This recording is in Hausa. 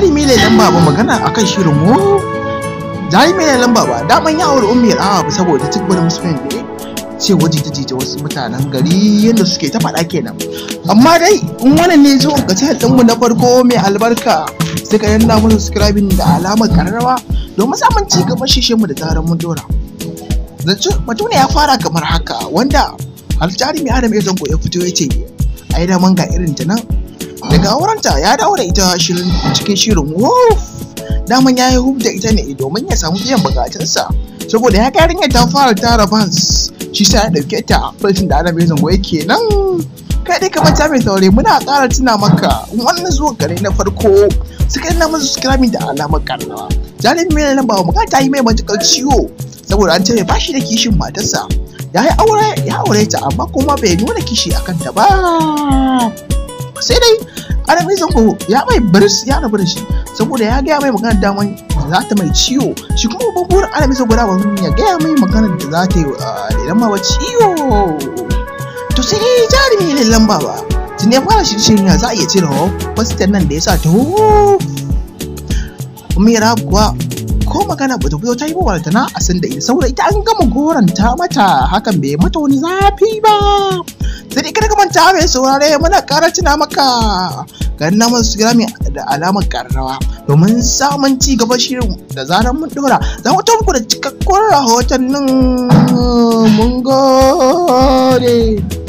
jarumi mai lamba ba magana akan shirin mu jarumi mai lamba ba daman ya aure ummiyar awa saboda tukbar musulmi ne ce waje ta jije wasu mutanen gari yadda suke ta faɗa kenan amma dai in wannan ne zo ga channel ɗinmu na farko mai albarka sai ka danna mana subscribing da alamar kararrawa domin samun ci gaban shishe mu da taron mun dora zance batu ne ya fara kamar haka wanda har jarumi adam ya zango ya fito ya ce ai da man ga irin ta nan daga aurenta ya dawo da ita shirin cikin shirin wuf daman ya yi hub da ita ne domin ya samu biyan bukatunsa saboda ya yarinya ta fara tara fans shi sa ya dauke ta fulcin da ana bezan goyi kenan kai dai kamar ta mai saurare muna ƙara tuna maka wannan zuwan gare na farko suka yi namun subscribing da alamar karnawa jalin mai na ba mu ta yi mai matukar ciwo saboda an cire bashi da kishin matarsa ya yi aure ta amma kuma bai nuna kishi a kanta ba ƙaramin zango ya mai baris ya na barin shi saboda ya gaya mai maganar daman za ta mai ciwo shi kuma babban ana mai zango ya gaya mai maganar da za ta yi da ah, ma ciwo to sai jarumi ne lamba ba tun ya fara shirin ya za a iya cire fasitan nan da ya sa ta mai kuwa ko magana ba ta fito ta yi ba na a sanda ita saboda ita an gama goranta mata hakan bai mata wani zafi ba manta mai saurare muna kara tuna maka ga namun sigirami da alamar karrawa domin samun ci gaba shirin da zarar mun dora za mu muku da cikakkun rahoton. mun gode.